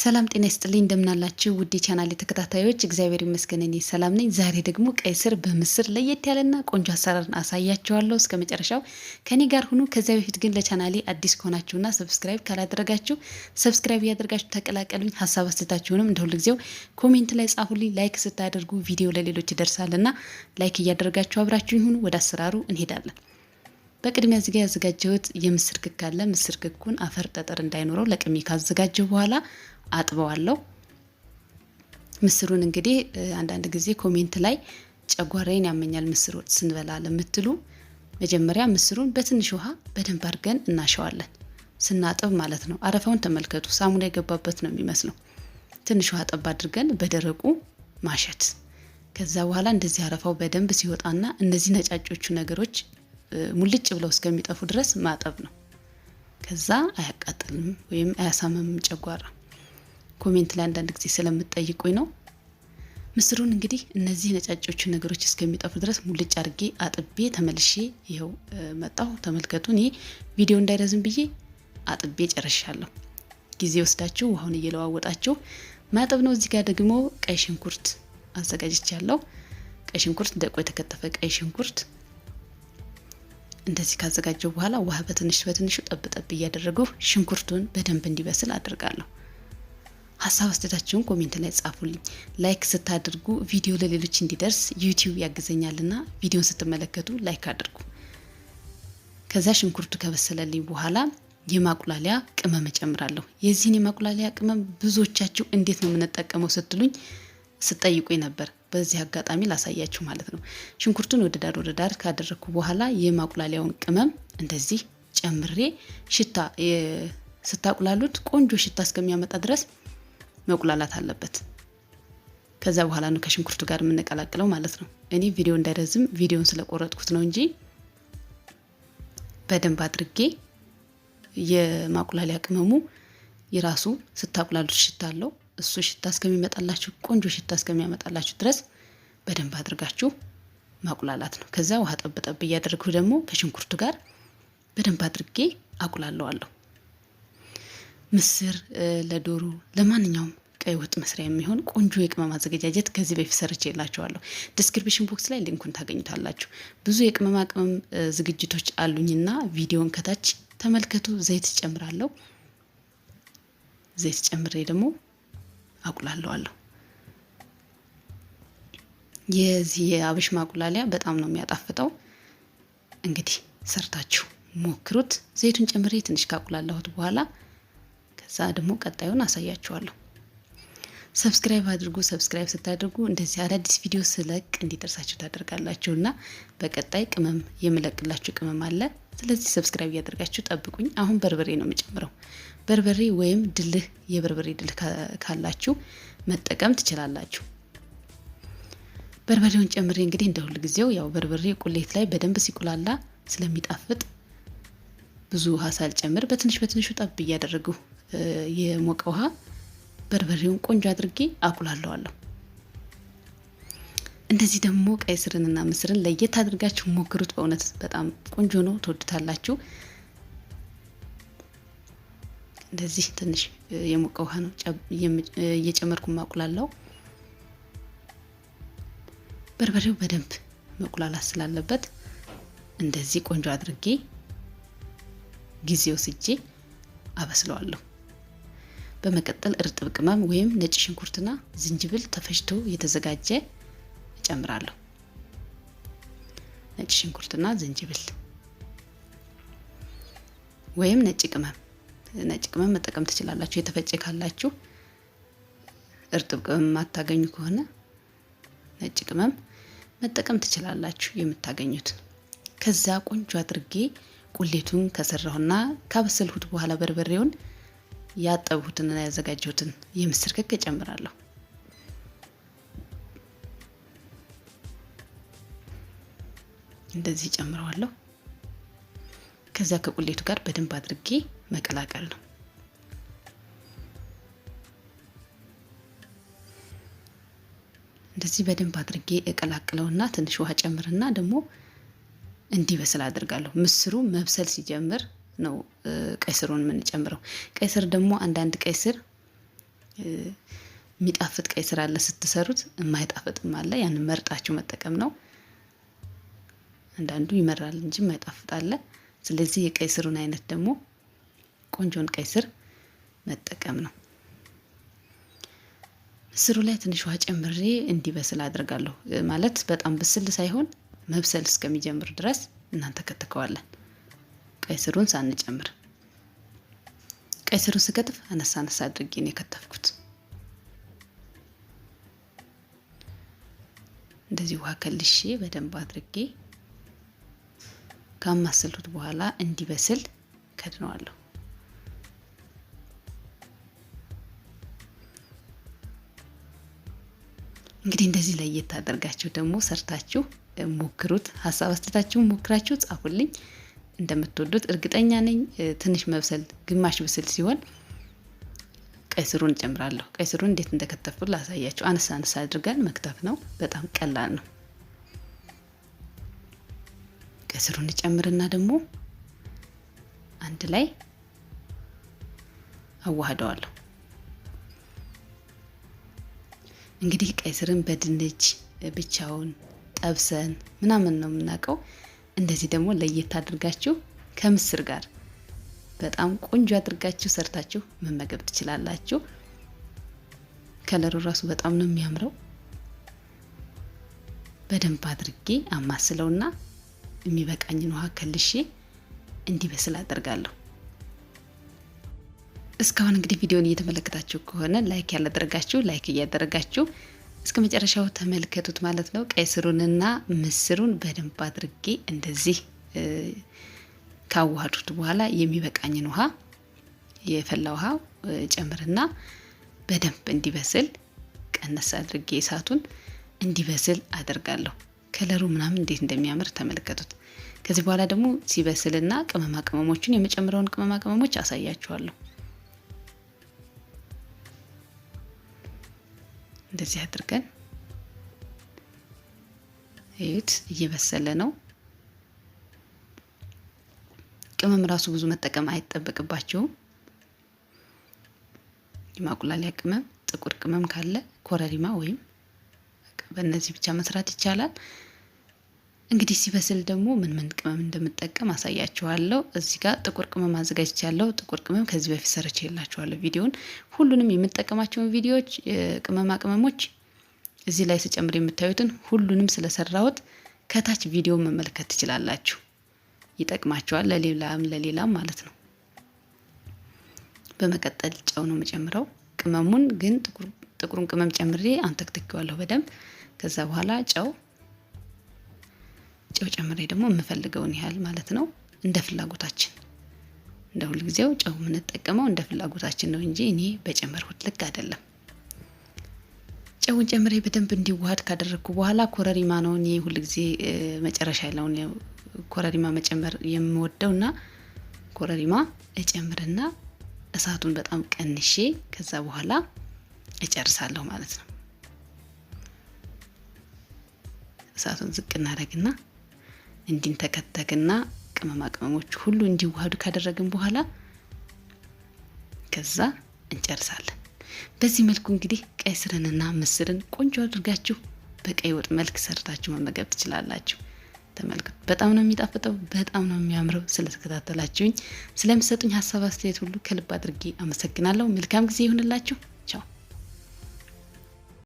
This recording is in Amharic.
ሰላም ጤና ይስጥልኝ፣ እንደምናላችሁ ውድ ቻናል ተከታታዮች፣ እግዚአብሔር ይመስገን እኔ ሰላም ነኝ። ዛሬ ደግሞ ቀይ ስር በምስር ለየት ያለና ቆንጆ አሰራርን አሳያችኋለሁ። እስከ መጨረሻው ከኔ ጋር ሁኑ። ከዚያ በፊት ግን ለቻናሌ አዲስ ከሆናችሁና ሰብስክራይብ ካላደረጋችሁ ሰብስክራይብ እያደረጋችሁ ተቀላቀሉኝ። ሀሳብ አስተታችሁንም እንደ ሁልጊዜው ኮሜንት ላይ ጻፉልኝ። ላይክ ስታደርጉ ቪዲዮ ለሌሎች ይደርሳልና ላይክ እያደረጋችሁ አብራችሁኝ ሁኑ። ወደ አሰራሩ እንሄዳለን። በቅድሚያ እዚጋ ያዘጋጀሁት የምስር ክክ አለ። ምስር ክኩን አፈር ጠጠር እንዳይኖረው ለቅሜ ካዘጋጀ በኋላ አጥበዋለሁ። ምስሩን እንግዲህ አንዳንድ ጊዜ ኮሜንት ላይ ጨጓራዬን ያመኛል ምስር ወጥ ስንበላ ለምትሉ መጀመሪያ ምስሩን በትንሽ ውሃ በደንብ አድርገን እናሸዋለን። ስናጥብ ማለት ነው። አረፋውን ተመልከቱ። ሳሙና የገባበት ነው የሚመስለው። ትንሽ ውሃ ጠብ አድርገን በደረቁ ማሸት። ከዛ በኋላ እንደዚህ አረፋው በደንብ ሲወጣና እነዚህ ነጫጮቹ ነገሮች ሙልጭ ብለው እስከሚጠፉ ድረስ ማጠብ ነው። ከዛ አያቃጥልም ወይም አያሳምምም ጨጓራ ኮሜንት ላይ አንዳንድ ጊዜ ስለምጠይቁኝ ነው። ምስሩን እንግዲህ እነዚህ ነጫጮቹን ነገሮች እስከሚጠፉ ድረስ ሙልጭ አድርጌ አጥቤ ተመልሼ ይኸው መጣሁ። ተመልከቱ። እኔ ቪዲዮ እንዳይረዝም ብዬ አጥቤ ጨርሻለሁ። ጊዜ ወስዳችሁ ውሃውን እየለዋወጣችሁ ማጠብ ነው። እዚህ ጋር ደግሞ ቀይ ሽንኩርት አዘጋጅቻለሁ። ቀይ ሽንኩርት ደቆ የተከተፈ ቀይ ሽንኩርት እንደዚህ ካዘጋጀው በኋላ ውሃ በትንሽ በትንሹ ጠብ ጠብ እያደረገው ሽንኩርቱን በደንብ እንዲበስል አድርጋለሁ። ሀሳብ አስተዳችሁን ኮሜንት ላይ ጻፉልኝ። ላይክ ስታደርጉ ቪዲዮ ለሌሎች እንዲደርስ ዩቲዩብ ያግዘኛልና ቪዲዮን ስትመለከቱ ላይክ አድርጉ። ከዛ ሽንኩርቱ ከበሰለልኝ በኋላ የማቁላሊያ ቅመም እጨምራለሁ። የዚህን የማቁላሊያ ቅመም ብዙዎቻችሁ እንዴት ነው የምንጠቀመው ስትሉኝ ስጠይቁኝ ነበር። በዚህ አጋጣሚ ላሳያችሁ ማለት ነው። ሽንኩርቱን ወደ ዳር ወደ ዳር ካደረግኩ በኋላ የማቁላሊያውን ቅመም እንደዚህ ጨምሬ ሽታ ስታቁላሉት ቆንጆ ሽታ እስከሚያመጣ ድረስ መቁላላት አለበት። ከዛ በኋላ ነው ከሽንኩርቱ ጋር የምንቀላቅለው ማለት ነው። እኔ ቪዲዮ እንዳይረዝም ቪዲዮን ስለቆረጥኩት ነው እንጂ በደንብ አድርጌ የማቁላሊያ ቅመሙ የራሱ ስታቁላሉት ሽታ አለው። እሱ ሽታ እስከሚመጣላችሁ ቆንጆ ሽታ እስከሚያመጣላችሁ ድረስ በደንብ አድርጋችሁ ማቁላላት ነው። ከዛ ውሃ ጠብጠብ እያደረግሁ ደግሞ ከሽንኩርቱ ጋር በደንብ አድርጌ አቁላለዋለሁ። ምስር ለዶሮ ለማንኛውም ቀይ ወጥ መስሪያ የሚሆን ቆንጆ የቅመም አዘገጃጀት ከዚህ በፊት ሰርቼ የላቸዋለሁ። ዲስክሪፕሽን ቦክስ ላይ ሊንኩን ታገኙታላችሁ። ብዙ የቅመማ ቅመም ዝግጅቶች አሉኝና ቪዲዮን ከታች ተመልከቱ። ዘይት ጨምራለሁ። ዘይት ጨምሬ ደግሞ አቁላለዋለሁ። የዚህ የአብሽ ማቁላለያ በጣም ነው የሚያጣፍጠው። እንግዲህ ሰርታችሁ ሞክሩት። ዘይቱን ጨምሬ ትንሽ ካቁላላሁት በኋላ ከዛ ደግሞ ቀጣዩን አሳያችኋለሁ። ሰብስክራይብ አድርጉ። ሰብስክራይብ ስታደርጉ እንደዚህ አዳዲስ ቪዲዮ ስለቅ እንዲደርሳችሁ ታደርጋላችሁ እና በቀጣይ ቅመም የምለቅላችሁ ቅመም አለ። ስለዚህ ሰብስክራይብ እያደርጋችሁ ጠብቁኝ። አሁን በርበሬ ነው የምጨምረው። በርበሬ ወይም ድልህ የበርበሬ ድልህ ካላችሁ መጠቀም ትችላላችሁ። በርበሬውን ጨምሬ እንግዲህ እንደ ሁል ጊዜው ያው በርበሬ ቁሌት ላይ በደንብ ሲቁላላ ስለሚጣፍጥ ብዙ ውሃ ሳልጨምር በትንሽ በትንሹ ጠብ እያደረግሁ የሞቀ ውሃ በርበሬውን ቆንጆ አድርጌ አቁላለዋለሁ። እንደዚህ ደግሞ ቀይ ስርንና ምስርን ለየት አድርጋችሁ ሞክሩት። በእውነት በጣም ቆንጆ ነው፣ ትወዱታላችሁ። እንደዚህ ትንሽ የሞቀ ውሃ ነው እየጨመርኩ ማቁላለው። በርበሬው በደንብ መቁላላት ስላለበት እንደዚህ ቆንጆ አድርጌ ጊዜ ወስጄ አበስለዋለሁ። በመቀጠል እርጥብ ቅመም ወይም ነጭ ሽንኩርትና ዝንጅብል ተፈጭቶ የተዘጋጀ እጨምራለሁ። ነጭ ሽንኩርትና ዝንጅብል ወይም ነጭ ቅመም ነጭ ቅመም መጠቀም ትችላላችሁ፣ የተፈጨ ካላችሁ። እርጥብ ቅመም የማታገኙ ከሆነ ነጭ ቅመም መጠቀም ትችላላችሁ፣ የምታገኙት ከዛ ቆንጆ አድርጌ ቁሌቱን ከሰራሁና ካበሰልሁት በኋላ በርበሬውን ያጠብሁትንና ያዘጋጀሁትን የምስር ክክ እጨምራለሁ። እንደዚህ ጨምረዋለሁ። ከዛ ከቁሌቱ ጋር በደንብ አድርጌ መቀላቀል ነው። እንደዚህ በደንብ አድርጌ እቀላቅለውና ትንሽ ውሃ ጨምርና ደግሞ እንዲበስል አድርጋለሁ። ምስሩ መብሰል ሲጀምር ነው ቀይ ስሩን የምንጨምረው። ቀይ ስር ደግሞ አንዳንድ ቀይ ስር የሚጣፍጥ ቀይ ስር አለ ስትሰሩት፣ የማይጣፍጥም አለ። ያን መርጣችሁ መጠቀም ነው። አንዳንዱ ይመራል እንጂ የማይጣፍጥ አለ። ስለዚህ የቀይ ስሩን አይነት ደግሞ ቆንጆን ቀይ ስር መጠቀም ነው። ምስሩ ላይ ትንሽ ውሃ ጨምሬ እንዲበስል አድርጋለሁ። ማለት በጣም ብስል ሳይሆን መብሰል እስከሚጀምር ድረስ እናንተ ከተከዋለን። ቀይ ስሩን ሳንጨምር ቀይ ስሩን ስከትፍ አነሳ አነሳ አድርጌ ነው የከተፍኩት። እንደዚህ ውሃ ከልሼ በደንብ አድርጌ ካማሰልኩት በኋላ እንዲበስል ከድነዋለሁ። እንግዲህ እንደዚህ ለየት አደርጋችሁ ደግሞ ሰርታችሁ ሞክሩት። ሀሳብ አስተታችሁን ሞክራችሁ ጻፉልኝ። እንደምትወዱት እርግጠኛ ነኝ። ትንሽ መብሰል ግማሽ ብስል ሲሆን ቀይ ስሩን እጨምራለሁ። ቀይ ስሩን እንዴት እንደከተፍኩት ላሳያችሁ። አነስ አነስ አድርገን መክተፍ ነው። በጣም ቀላል ነው። ቀይ ስሩን እጨምርና ደግሞ አንድ ላይ አዋህደዋለሁ። እንግዲህ ቀይ ስርን በድንች ብቻውን ጠብሰን ምናምን ነው የምናውቀው። እንደዚህ ደግሞ ለየት አድርጋችሁ ከምስር ጋር በጣም ቆንጆ አድርጋችሁ ሰርታችሁ መመገብ ትችላላችሁ። ከለሩ ራሱ በጣም ነው የሚያምረው። በደንብ አድርጌ አማስለውና የሚበቃኝን ውሃ ከልሼ እንዲበስል አደርጋለሁ። እስካሁን እንግዲህ ቪዲዮን እየተመለከታችሁ ከሆነ ላይክ ያላደረጋችሁ ላይክ እያደረጋችሁ እስከ መጨረሻው ተመልከቱት ማለት ነው። ቀይ ስሩንና ምስሩን በደንብ አድርጌ እንደዚህ ካዋዱት በኋላ የሚበቃኝን ውሃ የፈላ ውሃ ጨምርና በደንብ እንዲበስል ቀነስ አድርጌ እሳቱን እንዲበስል አደርጋለሁ። ከለሩ ምናምን እንዴት እንደሚያምር ተመልከቱት። ከዚህ በኋላ ደግሞ ሲበስልና ቅመማ ቅመሞችን የመጨምረውን ቅመማ ቅመሞች አሳያችኋለሁ። እንደዚህ አድርገን እዩት፣ እየበሰለ ነው። ቅመም ራሱ ብዙ መጠቀም አይጠበቅባቸውም። የማቁላሊያ ቅመም፣ ጥቁር ቅመም ካለ ኮረሪማ ወይም በእነዚህ ብቻ መስራት ይቻላል። እንግዲህ ሲበስል ደግሞ ምን ምን ቅመም እንደምጠቀም አሳያችኋለሁ። እዚህ ጋር ጥቁር ቅመም አዘጋጅቻለሁ። ጥቁር ቅመም ከዚህ በፊት ሰርቼላችኋለሁ ቪዲዮን። ሁሉንም የምጠቀማቸውን ቪዲዮዎች ቅመማ ቅመሞች እዚህ ላይ ስጨምር የምታዩትን ሁሉንም ስለሰራሁት ከታች ቪዲዮ መመልከት ትችላላችሁ። ይጠቅማቸዋል፣ ለሌላም ለሌላም ማለት ነው። በመቀጠል ጨው ነው የምጨምረው። ቅመሙን ግን ጥቁሩን ቅመም ጨምሬ አንተክትኬዋለሁ በደንብ። ከዛ በኋላ ጨው ጨው ጨምሬ ደግሞ የምፈልገውን ያህል ማለት ነው እንደ ፍላጎታችን እንደ ሁልጊዜው ጨው የምንጠቀመው እንደ ፍላጎታችን ነው እንጂ እኔ በጨመርኩት ልክ አይደለም። ጨውን ጨምሬ በደንብ እንዲዋሃድ ካደረግኩ በኋላ ኮረሪማ ነው እኔ ሁልጊዜ መጨረሻ ያለውን ኮረሪማ መጨመር የምወደውና ኮረሪማ እጨምርና እሳቱን በጣም ቀንሼ ከዛ በኋላ እጨርሳለሁ ማለት ነው። እሳቱን ዝቅ እናደርግና እንዲንተከተክና ቅመማ ቅመሞች ሁሉ እንዲዋሃዱ ካደረግን በኋላ ከዛ እንጨርሳለን። በዚህ መልኩ እንግዲህ ቀይ ስርንና ምስርን ቆንጆ አድርጋችሁ በቀይ ወጥ መልክ ሰርታችሁ መመገብ ትችላላችሁ። ተመልከቱ። በጣም ነው የሚጣፍጠው፣ በጣም ነው የሚያምረው። ስለተከታተላችሁኝ፣ ስለምሰጡኝ ሀሳብ አስተያየት ሁሉ ከልብ አድርጌ አመሰግናለሁ። መልካም ጊዜ ይሁንላችሁ።